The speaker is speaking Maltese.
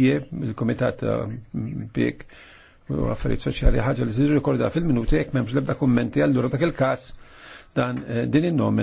DIE, il-Komitat PIK u Affarijiet Soċjali ħaġa li s-rikorda fil-minuti jekk m'hemmx l-ebda kummenti allura dak il-każ dan eh, din in-nom